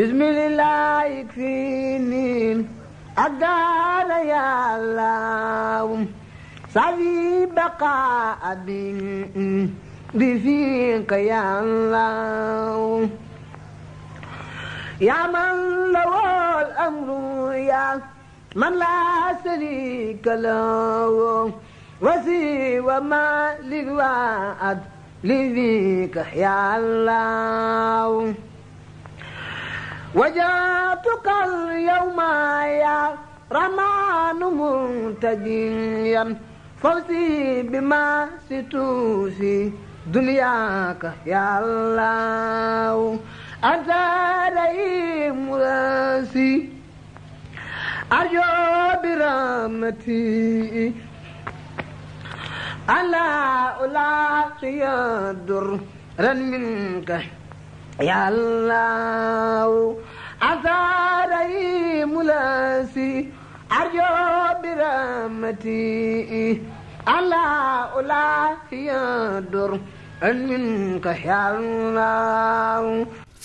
bismillah ikfini agara ya allah sabi baqa abin بفيك يا الله يا من له الأمر يا من لا شريك له وسوى ما للوعد لذيك يا الله وجاتك اليوم يا رمان منتجيا فوزي بما ستوسي دنياك يا الله أنت لي مراسي أرجو برحمتي ألا ألاقي الدر رن منك yàllaaw asaaray mulaasi arjo biramati ala ula hiya dur an minka yàllaaw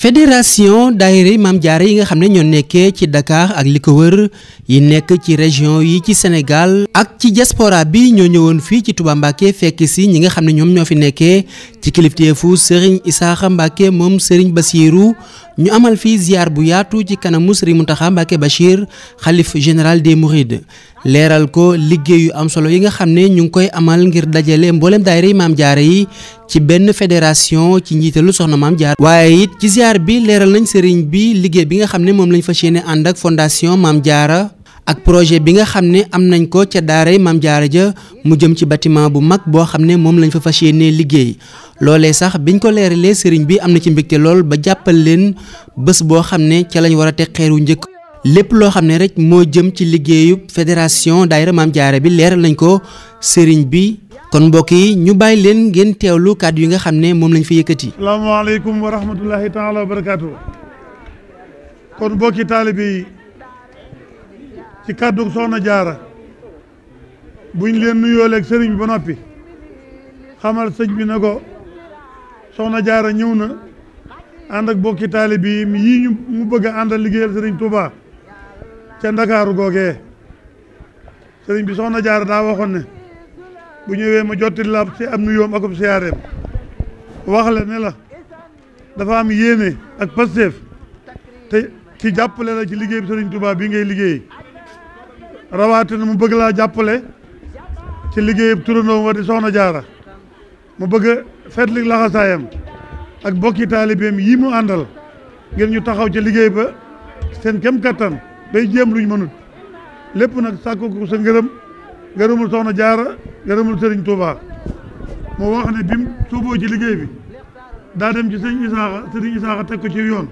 fédération daayira Maam Jaara yi nga xam ne ñoo nekkee ci dakaar ak li ko wër yi nekk ci région yi ci Sénégal ak ci diaspora bi ñoo ñëwoon fii ci Touba Mbacké fekk si ñi nga xam ne ñoom ñoo fi nekkee ci kilifteefu Serigne Issakha Mbacké moom Serigne Bassirou ñu amal fii ziar bu yaatu ci kanamu Serigne Mountakha Mbacké Bachir xalif général des Mourides leeral ko liggéey yu am solo yi nga xam ne ñu ngi koy amal ngir dajale mboolem daayira yi maam jaara yi ci benn fédération ci njiitalu soxna maam jaara waaye it ci ziar bi leeral nañ sëriñ bi liggéey bi nga xam ne moom lañ fas yéene ànd ak fondation maam jaara ak projet bi nga xam ne am nañ ko ca daaray maam jaara ja mu jëm ci bâtiment bu mag boo xam ne moom lañ fa fas yéene liggéey loole sax biñ ko leeralee sëriñ bi am na ci mbégte lool ba jàppal leen bés boo xam ne ca lañ war a teg njëkk lépp loo xam ne rek moo jëm ci liggéeyu fédération daayira Maam Jaara bi leer nañ ko sëriñ bi kon mbokk yi ñu bàyyi leen ngeen teewlu kàdd yi nga xam ne moom lañ fi yëkkati. asalaamaaleykum wa rahmatulahi taala wa barakaatu. kon mbokki taalibe yi ci kàddu soxna jaara buñ leen nuyoo leeg sëriñ bi ba noppi xamal sëñ bi na ko soxna jaara ñëw na ànd ak bokki taalibe yi ñu mu bëgg a àndal liggéeyal sëriñ Touba. ca ndakaaru googee sëriñ bi soxna jaar daa waxoon ne bu ñëwee ma jotti la ci am nuyoom akub siyaareem wax la ne la dafa am yéene ak pasteef te ci jàppale la ci liggéey bi sëriñ Touba bii ngay liggéey rawatina mu bëgg laa jàppale ci liggéeyub turandoom wa di soxna jaara mu bëgg a fetlik laxasaayam ak bokki taalibeem yi mu àndal ngir ñu taxaw ci liggéey ba seen kem kattan day jéem luñ mënut lépp nag sàkku ko sa ngërëm ngërëmul soxna jaara ngërëmul sëriñ Touba moo wax ne bi mu suuboo ci liggéey bi daa dem ci sëriñ Isaaxa sëriñ Isaaxa teg ko ci yoon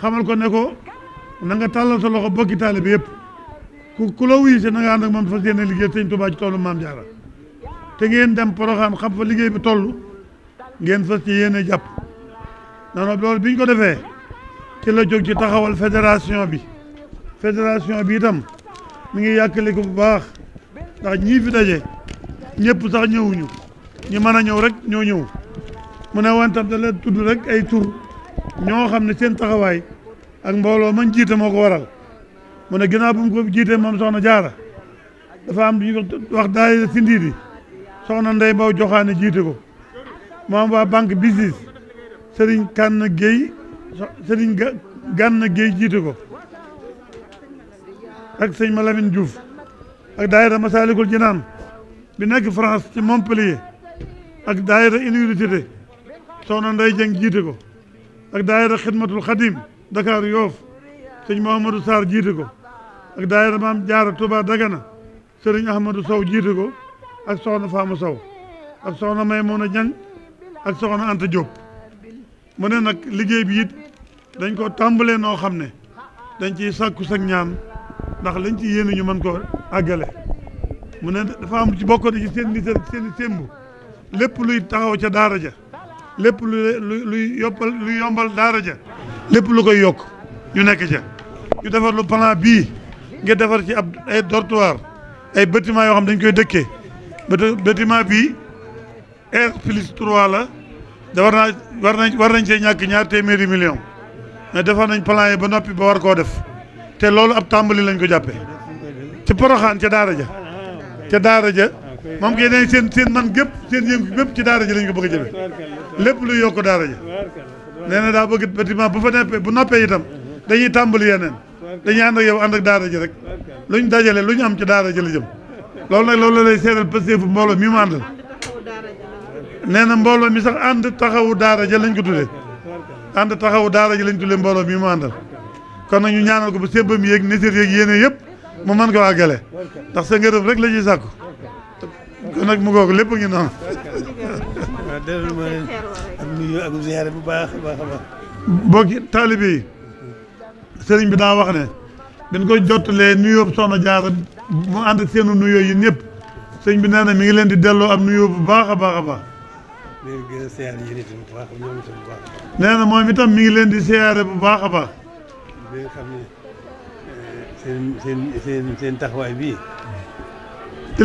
xamal ko ne ko na nga tàllal sa loxo bokki taalibe bi yëpp ku ku la wuyu si na nga ànd ak moom fas yéene liggéey sëriñ Touba ci toolu maam jaara te ngeen dem Porokhane xam fa liggéey bi toll ngeen fas ci yéene jàpp non non ko defee ci la jóg ci taxawal fédération bi fédération bi itam mi ngi yàkkali ko bu baax ndax ñii fi daje ñëpp sax ñëwuñu ñu mën a ñëw rek ñoo ñëw mu ne woon tam da leen tudd rek ay tur ñoo xam ne seen taxawaay ak mbooloo man jiite moo ko waral mu ne ginnaaw bu mu ko jiitee moom soxna jaara dafa am duñu wax daayira Sindiidi soxna Ndey Mbaw joxaane jiite ko moom waa banque business Serigne Kànn Guèye Serigne Gànn Guèye jiite ko ak sëñ Malamine Diouf ak daayira Masalikul Jinaan bi nekk France ci Montpellier ak daayira université soxna Ndeye Dieng jiite ko ak daayira Xidmatul Xadim Dakar Yoof sëñ Mouhamadou Sarr jiite ko ak daayira Maam Jaara Touba Dagana sëriñ Ahmadou Sow jiite ko ak soxna Fama Sow ak soxna Maymuna Dieng ak soxna Anta Diop mu ne nag liggéey bi it dañ ko tàmbalee noo xam ne dañ ciy sàkku sag ñaan ndax lañ ci yéene ñu mën ko àggale mu ne dafa am ci bokkoon ci seen i seen i lépp luy taxaw ca daara ja lépp lu luy yoppal luy yombal daara ja lépp lu koy yokk ñu nekk ca ñu defar lu plan bi nga defar ci ab ay dortoir ay bâtiment yoo xam dañ koy dëkkee bâtiment bi R plus 3 la da war naa war nañ war nañ cee ñàkk ñaar téeméeri million mais defar nañ plan yi ba noppi ba war koo def te loolu ab tàmbali lañ ko jàppee ci poroxaan ca daara ja ca daara ja moom kay ne seen seen man gépp seen yëngu bépp ci daara ja lañ ko bëgg a jëme lépp luy yokku daara ja nee na daa bëgg bâtiment bu fa neppee bu noppee itam dañuy tàmbali yeneen dañuy ànd ak yow ànd ak daara ji rek luñ dajale luñ am ci daara ji la jëm loolu nag loolu lay seetal pësteefu mbooloo mi mu àndal nee na mbooloo mi sax ànd taxawu daara ja lañ ko tuddee ànd taxawu daara ji lañ tuddee mbooloo mi mu àndal kon nag ñu ñaanal ko ba sébbam yéeg nitir yéeg yéene yëpp mu man ko àggale ndax sa ngërëm rek la ñuy sàkku kon nag mu ngoog lépp ngi noonu waaw delloo bu baax a baax a baax bokki taalibe sëriñ bi daa wax ne dañ koy jottalee nuyoo soxna a mu ànd ak seenu nuyoo yi ñëpp sëriñ bi nee na mi ngi leen di delloo ab nuyoo bu baax a baax a baax nee na moom itam mi ngi leen di siyaare bu baax a baax bi nga xam ne eh, seen seen seen seen taxawaay bii. te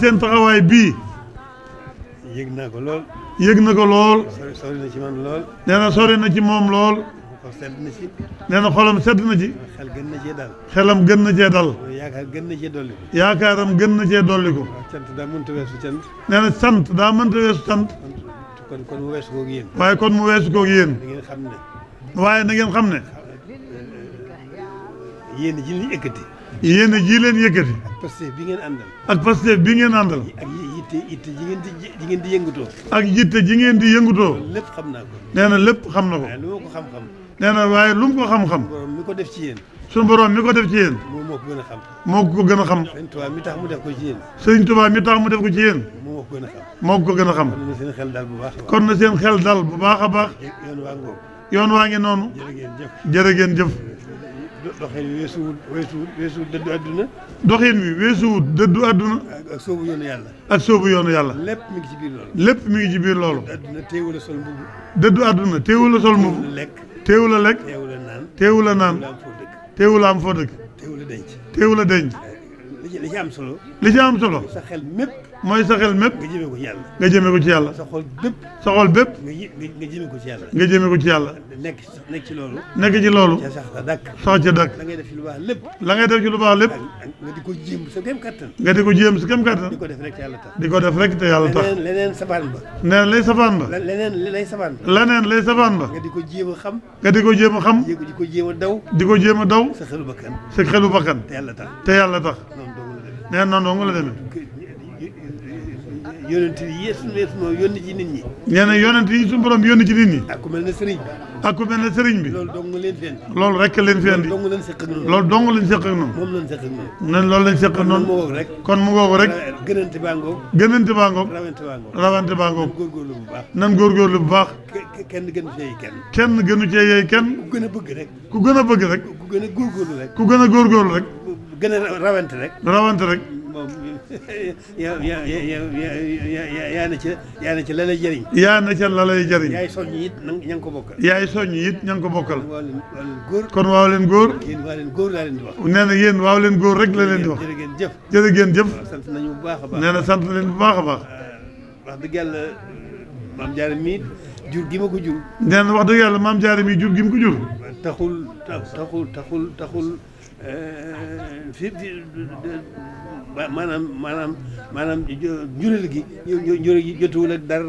seen taxawaay bii. yëg naa ko lool. yëg na ko lool. sori na ci man lool. nee na sori na ci moom lool. xol sedd na ci. na xolam sedd na ci. xel gën na cee dal. xelam gën na cee dal. yaakaar gën na cee dolli gën na cee dolli ko. sant daa mënta na sant daa waaye kon mu weesu koog yéen. da ngeen xam ne. waaye na ngeen xam ne. yéen ji leen yëkkati. yéen ji leen yëkkati. ak Pastef bi ngeen àndal. ak Pastef bi ngeen àndal. ak yitte ngeen di ji ngeen di yëngatoo. ak yitte ji ngeen di yëngatoo. lépp xam naa nee na lépp xam na ko. waaye lu ma ko xam-xam. nee na waaye lu mu ko xam-xam. borom mi ko def ci yéen. suñu borom mi ko def ci yéen. moom moo ko gën a xam. moo ko gën a xam. Sëriñ Tuubaa mi tax ko ci yéen. ko ci yéen. moo gën a xam. moo ko a xam. kon na seen xel daal bu baax a baax. kon na seen xel daal a yoon waa ngi noonu. jërë ngeen jëf jërë ngeen jëf doxin wi weesuwul weesuwul weesuwul dëddu àdduna. doxin wi weesuwul dëddu àdduna. ak soobu yoonu yàlla. ak soobu yoonu yàlla. lépp mi ngi ci biir loolu. lépp mi ngi ci biir loolu. dëddu àdduna teewul a sol mbubb. dëddu àdduna teewul a sol mbubb. teewul a lekk teewul a naan teewul a a am foo dëkk. teewul la denc. teewul a denc. li ci am solo. li ci am solo. sa xel mépp. mooy sa xel mépp nga jëmee ko ci yàlla nga jëmee ko ci yàlla sa xol ko ci nga jëmee ko ci yàlla nekk nekk ci loolu nekk ci loolu ca sax ca dàkk sax ca dàkk la ngay def ci lu baax lépp la ngay def ci lu baax lépp nga di ko jéem sa kem kattan nga di ko jéem sa kem ko def rek te yàlla tax di ko def rek te yàlla tax leneen safaan ba leneen lay safaan ba leneen lay safaan ba leneen lay safaan ba nga di ko jéem a xam nga di ko jéem a xam di ko jéem a daw di ko jéem a daw sa xelu bakkan sa te yàlla tax te yàlla tax neen noonu nga la demee yonent yi suñu borom yónni ci nit ñi. nee na yonent yi suñu borom yónni ci nit ñi. ak ku mel ne sëriñ bi. ak ku mel ne sëriñ bi. loolu dong leen fi andi. dong leen seq ak noonu. loolu leen seq ak noonu. kon mu ngoog rek. kon baa ngoog. gënante baa ngoog. rawante baa bu baax. kenn gënu cee yey kenn. ku gën a bëgg rek. ku gën a rek. ku gën a rek. ku a góorgóorlu a rek. moom yow yow yaa na ci yaa na la lay jëriñ. yaa na ca la lay jëriñ. yaay soññi it na nga ko bokkal. yaay soññi it na nga ko bokkal. kon waaw leen góor. kon waaw leen góor. yéen waaw leen góor na yéen waaw leen góor rek la leen di wax. jërë ngeen jëf jërë ngeen jëf. sant nañu bu baax a na sant leen bu baax a baax. wax dëgg yàlla euh, maam Diarra jur gi ma ko jur. nee na wax dëgg yàlla maam Diarra jur gi ma ko jur. taxul taxul taxul Euh, fépp di maanaam maanaam gi njuréel gi jotuwul ak dara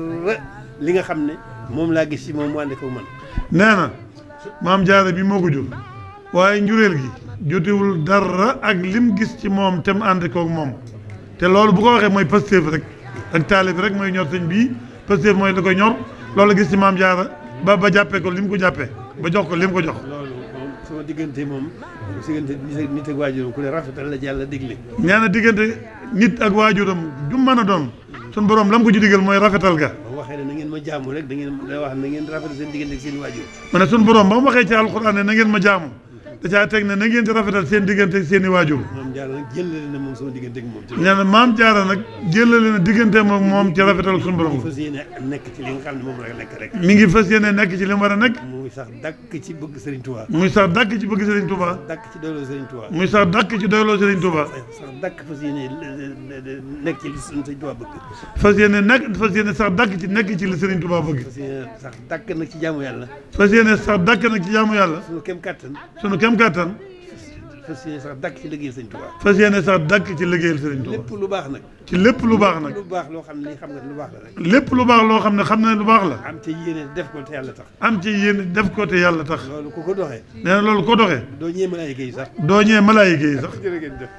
li nga xam ne moom laa gis ci moom mu ànd ko man nee na maam jaara bi moo ko jur waaye njureel gi jotewul dara ak lim gis ci moom te mu ànd koog moom te loolu bu ko waxee mooy Pastef rek ak taalib rek mooy ñor sëñ bii Pastef mooy da koy ñor loolu gis ci maam jaara ba ba jàppee ko lim ko jàppee ba jox ko lim ko jox diggante moom diggante nit ak waajuram ku ne rafetal la yàlla digle nee na diggante nit ak waajuram ju mën a doon sun borom lam ko ci digal mooy rafetal ga ba waxee ne na ngeen ma jaamu rek da ngeen da wax na ngeen rafetal seen diggante seen waajur ma sun borom ba waxee ci alxuraan ne na ngeen ma jaamu da caa teg ne na ngeen di rafetal seen diggante ak seen i waajur. maam jaara nag jëlale na moom sama diggante ak moom. nee na maam jaara nag jëlale na diggante moom moom ci rafetal suñu borom. mi ngi fas yéene nekk ci li la nekk rek. mi ngi fas mu war a nekk. fas yéene sax dàkk ci nekk ci li Serigne Touba bëgg. kem kattan. fas yéene sax dàkk ci liggéeyal sëriñ Tuubaa. fas yéene sax ci lépp lu baax nag. lépp lu baax loo xam ne xam la rek. lépp lu baax loo xam ne xam na lu baax la. am ci yéene def ko te yàlla tax. am ci yéene def ko te yàlla tax. loolu ku ko doxee. nee na loolu ko doxee. doo ñëwee malaayika yi sax. doo ñëwee malaayika yi sax.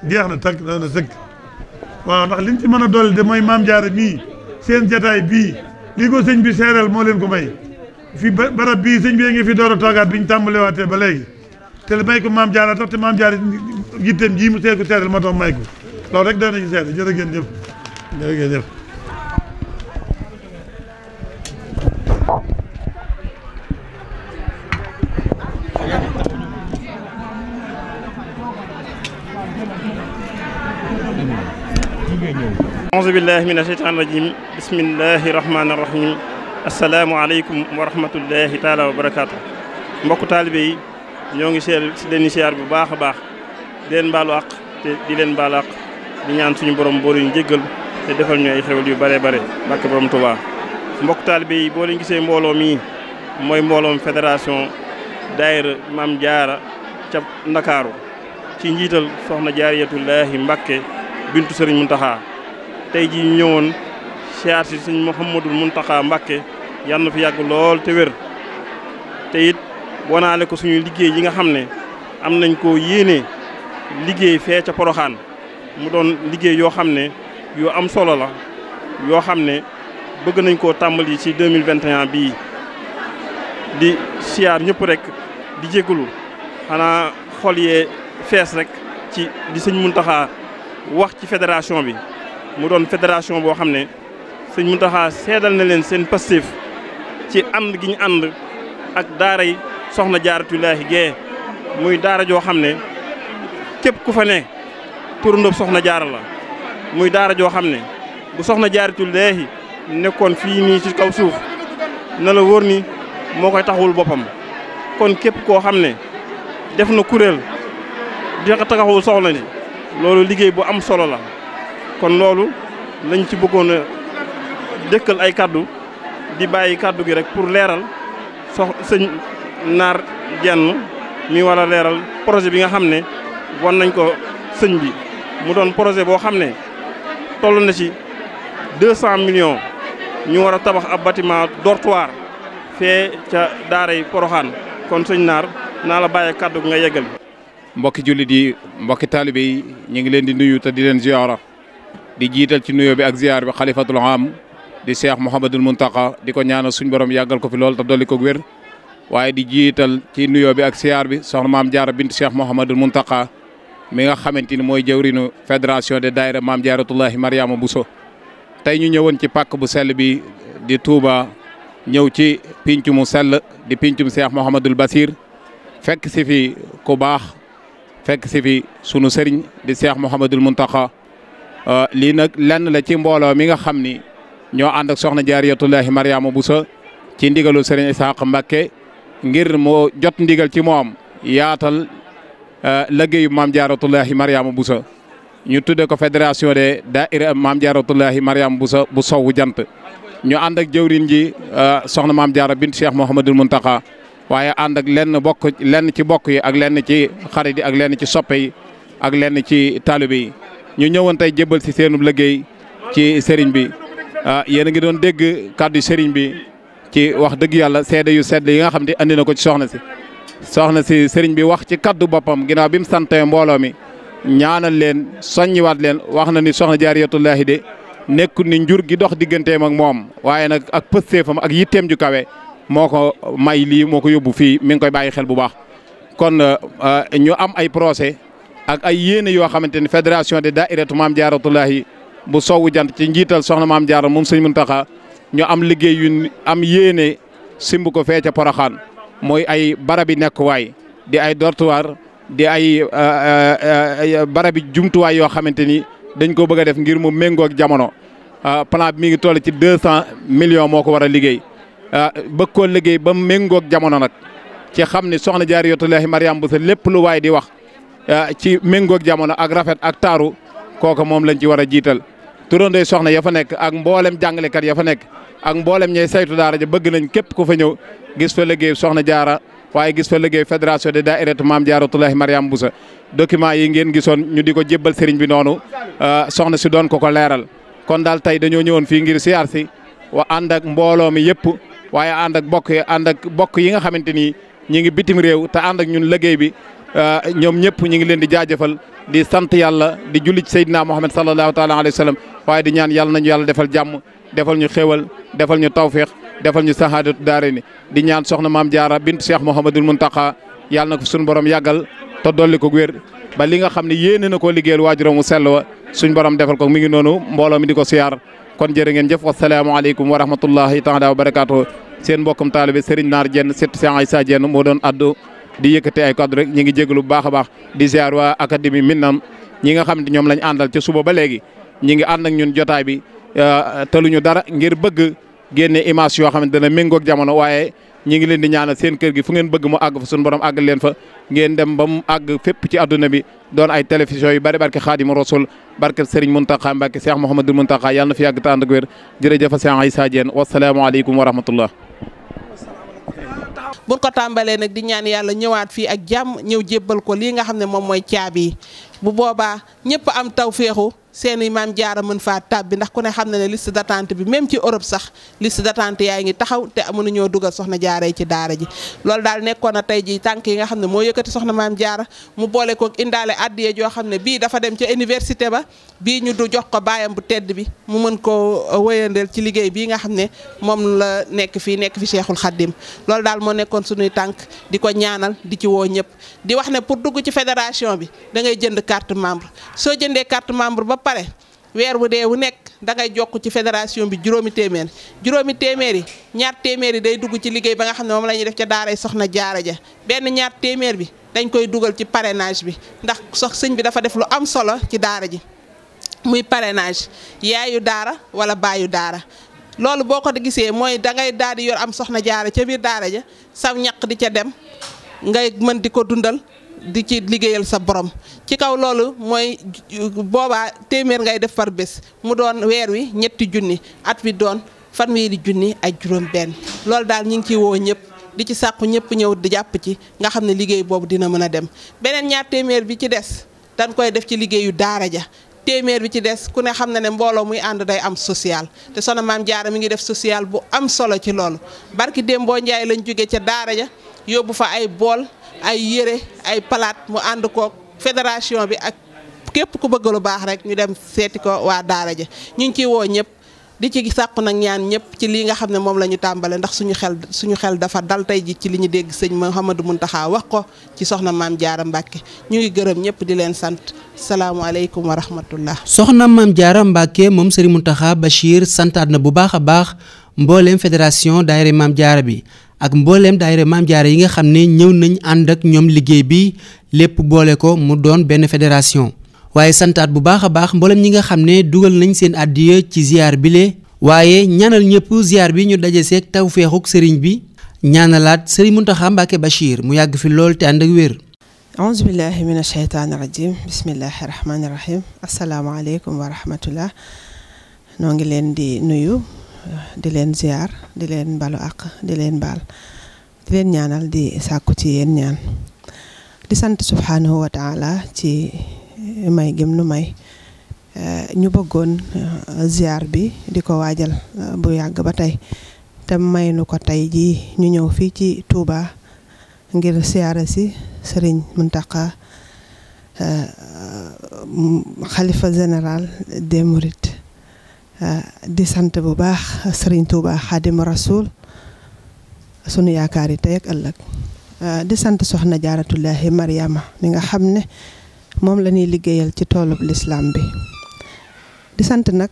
jeex na takk dana sëkk. waaw ndax liñ ci mën a dolli da mooy maam Jaara mii seen jataay bii lii ko sëñ bi seeral moo leen ko may fi barab bii sëñ bi ngi fi door a toogaat bi ñu tàmbalewaatee ba léegi te may ko maam jaara tax te maam jaara yitteem jii mu seet ko seetal moo tax may ko loolu rek doy nañu seet jërë ngeen jëf jërë ngeen jëf aouzu billahi min asheytaan rajim bismillahi rahmaani rahim asalaamu aleykum wa rahmatullahi taala wa barakaatu mbokku taalibe yi ñoo ngi seer si leen siyaar bu baax a baax di leen baalu àq di leen baalu àq ñaan suñu borom boo ñu jéggal te defal ñu ay xewal yu bare bare barke borom Touba mbokk taalibe yi boo leen gisee mbooloo mii mooy mbooloom fédération daayira mam Jaara ca Ndakaaru ci njiital soxna jaariyatullaahi Mbàkke bintu sëriñ Muntaxa tey ji ñëwoon siyaar si sëriñ Muhammadul Muntaxa Mbàkke yàlla na fi yàgg lool te wér wanaale ko suñu liggéey yi nga xam ne am nañ ko yéene liggéey fee ca Poroxaan mu doon liggéey yoo xam ne yu am solo la yoo xam ne bëgg nañ ko tàmbali ci 2021 bii di siyaar ñëpp rek di jégalu xanaa xol fees rek ci di sëñ Muntaxa wax ci fédération bi mu doon fédération boo xam ne sëñ Muntaxa seedal na leen seen pastéef ci ànd gi ñu ànd ak daara yi soxna jaaratulaahi gee muy daara joo xam ne képp ku fa ne turandoo soxna jaara la muy daara joo xam ne bu soxna jaaratulaahi nekkoon fii nii ci kaw suuf na la wóor ni moo koy taxawul boppam kon képp koo xam ne def na kuréel di ko taxawul soxna loolu liggéey bu am solo la kon loolu lañ ci bëggoon a dëkkal ay kàddu di bàyyi kàddu gi rek pour leeral sox sëñ naar jenn mi war a leeral projet bi nga xam ne won nañ ko sëñ bi mu doon projet boo xam ne toll na ci deux cent millions ñu war a tabax a bâtiment dortoir fee ca daaray Poroxaan kon sëñ naar naa la bàyyee kàddu nga yeggal mbokki jullit yi mbokki taalibe yi ñu ngi leen di nuyu te di leen ziyaara di jiital ci nuyoo bi ak ziyaar bi xalifatul am di cheikh mouhamadul muntaka di ko ñaanal suñ borom yàggal ko fi lool te dolli ko wér waaye di jiital ci nuyoo bi ak siyaar bi soxna maam jaara bint cheikh mouhamadul muntaka mi nga xamante ni mooy jëwrinu fédération de daayira maam jaaratullahi bu so tey ñu ñëwoon ci pàkk bu sell bi di Touba ñëw ci pinc mu sell di pincum seex mouhamadul basir fekk si fi ku baax fekk si fi sunu sëriñ di cheikh mouhamadul muntaka euh, lii nag lenn la ci mbooloo mi nga xam ni ñoo ànd ak soxna jaaratullahi mariama so ci ndigalu sëriñ Isaaqa Mbàkke ngir mu jot ndigal ci moom yaatal euh, liggéeyu maam jaaratullahi Mariama Boussa ñu tudde ko fédération de daaira maam jaaratullahi Mariama Boussa bu sowwu jant ñu ànd ak jëwrin ji euh, soxna maam jaara bint Cheikh Mouhamadul Muntaxa waaye ànd ak lenn bokk lenn ci bokk yi ak lenn ci xarit yi ak lenn ci soppe yi ak lenn ci taalibe yi ñu ñëwoon tey jébbal si seenub liggéey ci sëriñ bi euh, yéen a ngi doon dégg kàddu sëriñ bi ci wax dëgg yàlla seede yu sedd yi nga xam ne andi na ko ci soxna si soxna si sëriñ bi wax ci kaddu boppam ginnaaw bi mu sante mbooloo mi ñaanal leen soññiwaat leen wax na ni soxna jaariyatullaahi de nekkul ni njur gi dox digganteem ak moom waaye nag ak pëstéefam ak yitteem ju kawe moo ko may lii moo ko yóbbu fii mi ngi koy bàyyi xel bu baax. kon euh, euh, ñu am ay procès ak ay yéene yoo xamante ni fédération de dairatu maam jaaratullaahi bu sowwu jant ci njiital soxna maam ñu am liggéey yu am yéene simb ko fee ca Porokhane mooy ay barabi nekkuwaay di ay dortoir di ay euh, euh, euh, barabi jumtuwaay yoo xamante ni dañ ko bëgg def ngir mu méngoo ak jamono plan bi mi ngi toll ci deux cent millions moo ko war a liggéey bëgg koo liggéey ba méngoo ak jamono nag ci xam ne soxna jaariyatullaahi Mariam bu sa lépp lu waay di wax ci méngoo ak jamono ak rafet ak taaru kooka moom lañ ci war a jiital. turandooy soxna ya fa nekk ak mboolem jàngalekat ya fa nekk ak mboolem ñay saytu daara ja bëgg nañ képp ku fa ñëw gis fa liggéey soxna jaara waaye gis fa liggéey fédération de daairat maam jaaratullahi mariam busa document yi ngeen gisoon ñu di ko jébbal sëriñ bi noonu euh, soxna si doon ko ko leeral kon daal tey dañoo ñëwoon fii ngir si siyaar si wa ànd ak mbooloo mi yëpp waaye ànd ak bokk ànd ak bokk yi nga xamante ni ñi ngi bitim réew te ànd ak ñun liggéey bi euh, ñoom ñëpp ñi ngi leen di jaajëfal di sant yàlla di julli ci Seydina Muhammad sallallahu taala alayhi wa sallam waaye di ñaan yàlla nañu yàlla defal jàmm defal ñu xéwal defal ñu tawféex defal ñu sahaadatu daare ni di ñaan soxna maam jaara bint Cheikh Mouhamadul Muntaqa yàlla na ko fi suñu borom yàggal te dolli ko wér ba li nga xam ne yéene na koo liggéeyal waajuram mu sell wa suñ borom defal ko mi ngi noonu mbooloo mi di ko siyaar kon jërë ngeen jëf wasalaamaaleykum wa rahmatullahi taala wa barakaatu seen mbokkum taalibe Serigne Naar Dieng surtout Cheikh Aïssa Dieng moo doon addu di yëkkati ay kaddu rek ñi ngi jéglu bu baax a baax di ziar waa académie Minane ñi nga xam ne ñoom lañ àndal ca suba ba léegi ñi ngi ànd ak ñun jotaay bi euh, taluñu dara ngir bëgg génne image yoo xam ne dana méngoog jamono waaye ñi ngi leen di ñaanal seen kër gi fu ngeen bëgg mu àgg fa suñu borom àgg leen fa ngeen dem ba mu àgg fépp ci àdduna bi doon ay télévision yu bari barke Xaadimu Rasul barke Serigne Mountakha Mbacké Cheikh Mouhamadou Mountakha yàlla na fi yàgg tànd ak wér jërëjëf Cheikh Aïssa Diène wasalaamaaleykum wa rahmatullah buñ ko tàmbalee nag di ñaan yàlla ñëwaat fii ak jàmm ñëw jébbal ko lii nga xam ne moom mooy caabi bu boobaa ñëpp am taw féexu seeni maam jaara mën faa tàbbi ndax ku ne xam na ne liste d'attente bi même ci Europe sax liste d'attente yaa ngi taxaw te am ñoo dugal soxna jaaree ci daara ji loolu daal nekkoon na tey ji tànk yi nga xam ne moo yëkkati soxna maam jaara mu boole ko indaale addiye joo xam ne bii dafa dem ca université ba bii ñu du jox ko baayam bu tedd bi mu mën koo wëyandeel ci liggéey bii nga xam ne moom la nekk fii nekk fi Cheikhul Khadim loolu daal moo nekkoon suñuy tànk di ko ñaanal di ci woo ñëpp di wax ne pour dugg ci fédération bi da ngay jënd carte membre soo jëndee carte membre ba pare weer wu dee wu nekk dangay jokk ci fédération bi juróomi téeméer juróomi téeméer yi ñaar téeméer yi day dugg ci liggéey ba nga xam ne moom la ñuy def ca daaray soxna jaara ja benn ñaar téeméer bi dañ koy dugal ci parrainage bi ndax sox sëñ bi dafa def lu am solo ci daara ji muy parrainage yaayu daara wala baayu daara loolu boo ko gisee mooy dangay daal di yor am soxna jaara ca biir daara ja saw ñaq di ca dem ngay mën di ko dundal di ci liggéeyal sa borom ci kaw loolu mooy boobaa téeméer ngay def far bés mu doon weer wi ñetti junni at wi doon fanweeri junni ay juróom benn loolu daal ñu ngi ciy woo ñëpp di ci sàkku ñëpp ñëw di jàpp ci nga xam ne liggéey boobu dina mën a dem beneen ñaar téeméer bi ci des dañ koy def ci liggéeyu daara ja téeméer bi ci des ku ne xam na ne mbooloo muy ànd day am social te Soxna Maam Jaara mi ngi def social bu am solo ci loolu barki démboo Njaay lañ jóge ca daara ja yóbbu fa ay bool ay yére ay palaat mu ànd kook fédération bi ak képp ku bëgg lu baax rek ñu dem seeti ko waa daara ji ñu ngi ciy woo ñëpp di ci sàkku nag ñaan ñëpp ci lii nga xam ne moom la ñu tàmbale ndax suñu xel suñu xel dafa dal tey ji ci li ñu dégg sëñ Mouhamadou Mountakha wax ko ci soxna maam Jaara Mbàkke ñu ngi gërëm ñëpp di leen sant salaamualeykum wa rahmatullah. soxna maam Jaara Mbàkke moom sëriñ Mountakha Bachir santaat na bu baax a baax mbooleem fédération daayira maam Jaara bi. ak mbooleem daayira Maam Jaara yi nga xam ne ñëw nañ ànd ak ñoom liggéey bi lépp boole ko mu doon benn fédération waaye santaat bu baax a baax mboolem ñi nga xam ne dugal nañ seen àddiya ci ziar bile waaye ñaanal ñëpp ziar bi ñu daje seeg tawféexuk sëriñ bi ñaanalaat sëriñ munta Mbàkke Bachir mu yàgg fi lool te ànd ak wér aouzu billahi min asheytaani rajim bismillahi rahmaani rahim asalaamaaleykum wa rahmatullah noo ngi leen di nuyu di leen ziar di leen balu àq di leen baal di leen ñaanal di sàkku ci yéen ñaan di sant subhanahu wa taala ci eh, may gëm nu may eh, ñu bëggoon eh, ziar bi di ko waajal bu yàgg ba tey te may nu ko tey jii ñu ñëw fii ci Touba ngir ziara si sëriñ Serigne Mountakha xalifa général des Mourides di sant bu baax Serigne Touba Xaadimu Rasuul sunu yaakaar yi tey ak ëllëg di sant soxna jaaratullahi Mariama mi nga xam ne moom la liggéeyal ci toolub lislaam di sant nag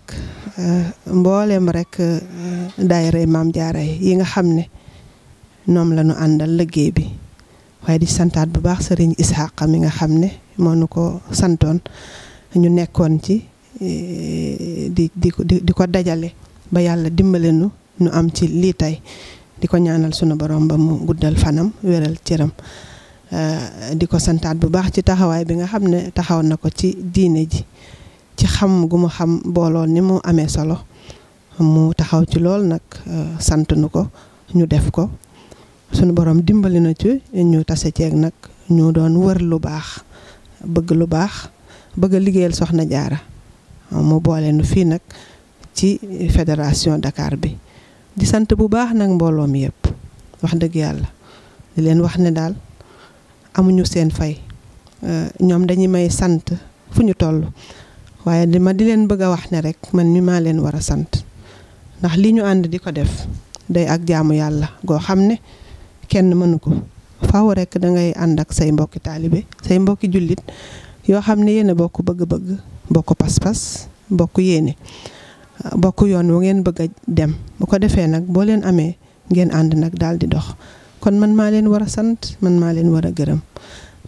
e, mbooleem rek e, daayira maam jaara yi nga xam ne noom la àndal liggéey bi waaye di santaat bu baax sëriñ Isxaqa mi nga xam ne moo nu ko santoon ñu nekkoon ci Eh, di di di ko dajale ba yàlla dimbale nu nu am ci lii tey di ko ñaanal sunu borom ba mu guddal fanam wéral cëram eh, di ko santaat bu baax ci taxawaay bi nga xam ne taxaw na ko ci diine ji ci xam gu mu xam booloo ni mu amee solo mu taxaw ci lool nag eh, sant nu ko ñu def ko sunu borom dimbali na ci ñu tase ceeg nag ñu doon wër lu baax bëgg lu baax bëgg a liggéeyal soxna jaara mu boole nu fii nag ci fédération dakaar bi di sant bu baax nag mbooloo mi yëpp wax dëgg yàlla di leen wax ne daal amuñu seen fay ñoom dañu may sant fu ñu toll waaye di ma di leen bëgg a wax ne rek man mi maa leen war a sant ndax li ñu ànd di ko def day ak jaamu yàlla goo xam ne kenn mënu ko faaw rek dangay ànd ak say mbokki taalibe say mbokki jullit yoo xam ne yéen a bokk bëgg-bëgg bokk pas-pas bokk yéene bokk yoon wu ngeen bëgg a dem bu ko defee nag boo leen amee ngeen ànd nag daal di dox kon man maa leen war a sant man maa leen war a gërëm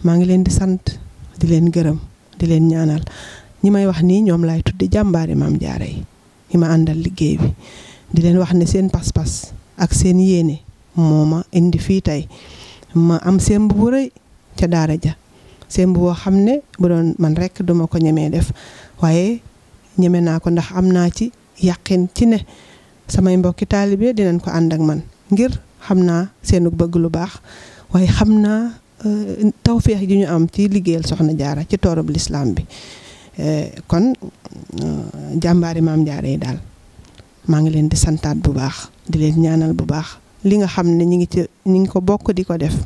maa ngi leen di sant di leen gërëm di leen ñaanal ñi may wax nii ñoom laay tuddi jàmbaari maam jaare yi ñi ma àndal liggéey bi di leen wax ne seen pas-pas ak seen yéene moo ma indi fii tey ma am seen bu rëy ca daara ja sémb boo xam ne bu doon man rek duma ko ñemee def waaye ñeme naa ko ndax am naa ci yàqin ci ne samay mbokki taalibe dinañ ko ànd ak man ngir xam naa seenu bëgg lu baax waaye xam naa euh, tawféex gi ñu am ci liggéeyal soxna jaara ci toorub lislaam bi euh, kon euh, jàmbaari maam jaara yi daal maa ngi leen di santaat bu baax di leen ñaanal bu baax li nga xam ne ñi ngi ci ñi ngi ko bokk di ko def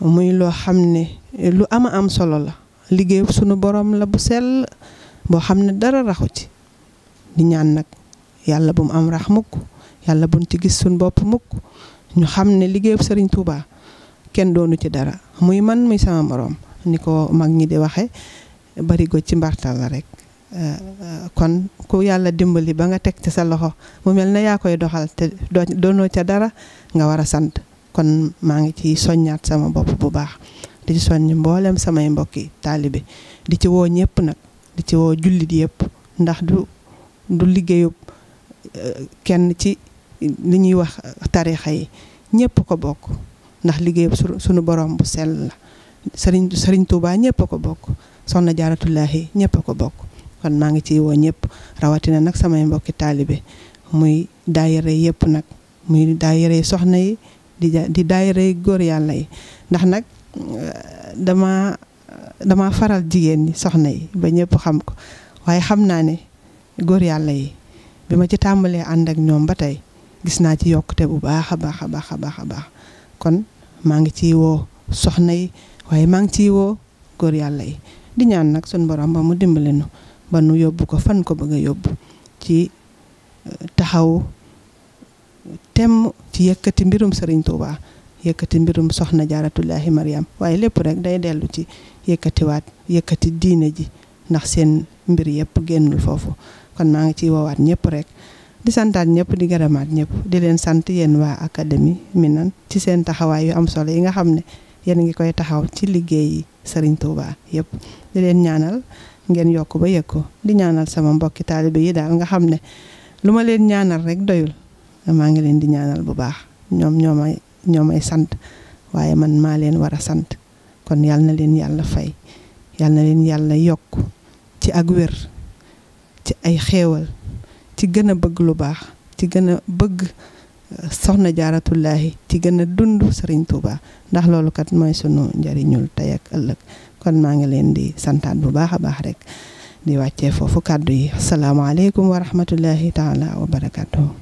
muy loo xam ne lu ama am solo la liggéey sunu borom la bu sell boo xam ne dara raxu ci di ñaan nag yàlla bu mu am rax mukk yàlla buñ ci gis suñu bopp mukk ñu xam ne liggéeyub Serigne Touba kenn doonu ci dara muy man muy sama moroom ni ko mag ñi di waxe barigo ci mbartal la rek kon ku yàlla dimbali ba nga teg ci sa loxo mu mel na yaa koy doxal te doonoo ca dara nga war a sant kon maa ngi ci soññaat sama bopp bu baax di ci soññ mboolem samay mbokki taalibe di ci woo ñëpp nag di ci woo jullit yëpp ndax du du liggéeyub eh, kenn ci li ñuy wax tarixa yi ñëpp ko bokk ndax liggéeyub sunu borom bu sell la sëriñ sëriñ Tuubaa ñëpp ko bokk soxna jaaratullaahi ñëpp ko bokk kon maa ngi ciy woo ñëpp rawatina nag samay mbokki taalibe muy daa daayira yëpp nag muy daayira soxna yi di di rey góor yàlla yi ndax nag eh, dama dama faral jigéen ñi soxna yi ba ñëpp xam ko waaye xam naa ne góor yàlla yi bi ma ci tàmbalee ànd ak ñoom ba tey gis naa ci yokkute bu baax a baax a baax a baax a baax kon maa ngi ciy woo soxna yi waaye maa ngi ciy woo góor yàlla yi di ñaan nag suñ borom ba mu dimbali nu ba nu yóbbu ko fan ko bëgg a yóbbu ci eh, taxaw temm ci yëkkati mbirum Serigne Touba yëkkati mbirum soxna jaaratullahi Mariam waaye lépp rek day dellu ci yëkkatiwaat yëkkati diine ji ndax seen mbir yëpp génnul foofu kon maa ngi ciy woowaat ñëpp rek di santaat ñëpp di gërëmaat ñëpp di leen sant yéen waa mi Minane ci seen taxawaay yu am solo yi nga xam ne yéen ngi koy taxaw ci liggéeyi Serigne Touba yëpp di leen ñaanal ngeen yokk ba yëg ko di ñaanal sama mbokki taalibe yi daal nga xam ne lu ma leen ñaanal rek doyul maa ngi leen di ñaanal bu baax ñoom ñoo may sant waaye man maa leen war a sant kon yal na leen yàlla fay yal na leen yàlla yokk ci ak wér ci ay xéewal ci gën a bëgg lu baax ci gën a bëgg euh, soxna jaaratullaahi ci gën a dund sëriñ Touba ndax loolu kat mooy sunu njariñul tey ak ëllëg kon maa ngi leen di santaat bu baax a baax rek di wàccee foofu kàddu yi asalaamaaleykum wa rahmatullahi taala wa barakaatu.